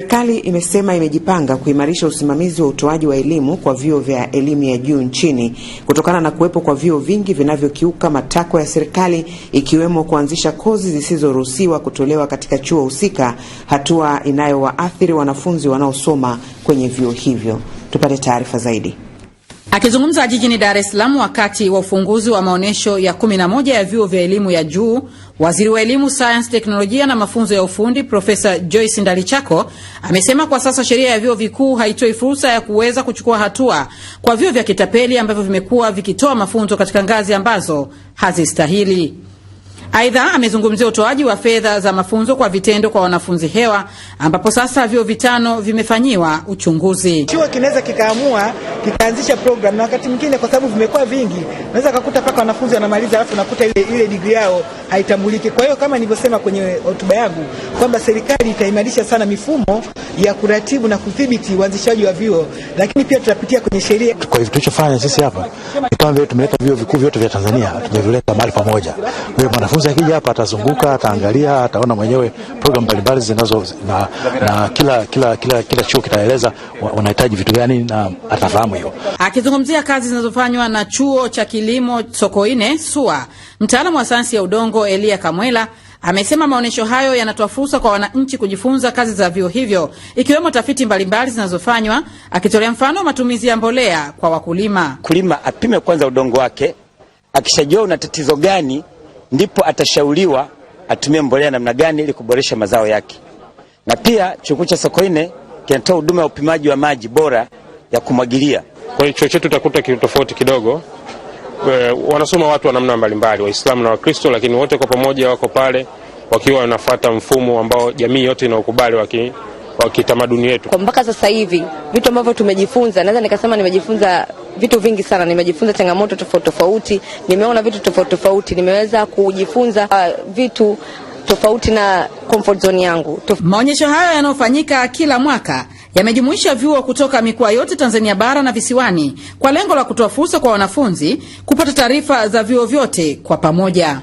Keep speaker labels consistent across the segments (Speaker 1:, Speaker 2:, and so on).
Speaker 1: Serikali imesema imejipanga kuimarisha usimamizi wa utoaji wa elimu kwa vyuo vya elimu ya juu nchini kutokana na kuwepo kwa vyuo vingi vinavyokiuka matakwa ya serikali ikiwemo kuanzisha kozi zisizoruhusiwa kutolewa katika chuo husika, hatua inayowaathiri wanafunzi wanaosoma kwenye vyuo hivyo. Tupate taarifa zaidi.
Speaker 2: Akizungumza jijini Dar es Salaam wakati wa ufunguzi wa maonyesho ya 11 ya vyuo vya elimu ya juu, waziri wa elimu, sayansi, teknolojia na mafunzo ya ufundi Profesa Joyce Ndalichako amesema kwa sasa sheria ya vyuo vikuu haitoi fursa ya kuweza kuchukua hatua kwa vyuo vya kitapeli ambavyo vimekuwa vikitoa mafunzo katika ngazi ambazo hazistahili. Aidha, amezungumzia utoaji wa fedha za mafunzo kwa vitendo kwa wanafunzi hewa, ambapo sasa vyuo vitano vimefanyiwa uchunguzi.
Speaker 3: Chuo kinaweza kikaamua kikaanzisha program, na wakati mwingine kwa sababu vimekuwa vingi, unaweza kukuta mpaka wanafunzi wanamaliza, alafu nakuta ile, ile digri yao haitambuliki. Kwa hiyo kama nilivyosema kwenye hotuba yangu kwamba serikali itaimarisha sana mifumo ya kuratibu na kudhibiti uanzishaji wa vyuo, lakini pia tutapitia kwenye sheria.
Speaker 4: Kwa hivyo tulichofanya sisi hapa ni kama vile tumeleta vyuo vikuu vyote vya Tanzania, tumevileta mahali pamoja. Kwa hiyo mwanafunzi akija hapa atazunguka, ataangalia, ataona mwenyewe programu mbalimbali zinazo na, na kila, kila, kila, kila chuo kitaeleza wanahitaji vitu gani na atafahamu hiyo.
Speaker 2: Akizungumzia kazi zinazofanywa na chuo cha kilimo Sokoine SUA, mtaalamu wa sayansi ya udongo Elia Kamwela Amesema maonyesho hayo yanatoa fursa kwa wananchi kujifunza kazi za vyuo hivyo ikiwemo tafiti mbalimbali zinazofanywa, akitolea mfano matumizi ya mbolea kwa wakulima.
Speaker 5: Mkulima apime kwanza udongo wake, akishajua una tatizo gani, ndipo atashauriwa atumie mbolea namna gani ili kuboresha mazao yake. Na pia chuo kikuu cha Sokoine kinatoa huduma ya upimaji wa maji bora ya kumwagilia.
Speaker 6: Kwa hiyo chuo chetu utakuta kitu tofauti kidogo eh, wanasoma watu wa namna mbalimbali, Waislamu na Wakristo, lakini wote kwa pamoja wako pale wakiwa wanafuata mfumo ambao jamii yote inaokubali waki wa kitamaduni yetu.
Speaker 7: Kwa mpaka sasa hivi vitu ambavyo tumejifunza, naweza nikasema nimejifunza vitu vingi sana, nimejifunza changamoto tofauti tofauti, nimeona vitu tofauti tofauti, nimeweza kujifunza uh, vitu tofauti na comfort zone yangu.
Speaker 2: Maonyesho hayo yanayofanyika kila mwaka yamejumuisha vyuo kutoka mikoa yote Tanzania bara na visiwani kwa lengo la kutoa fursa kwa wanafunzi kupata taarifa za vyuo vyote kwa pamoja.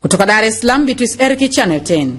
Speaker 2: Kutoka Dar es Salaam, Beatrice Channel 10.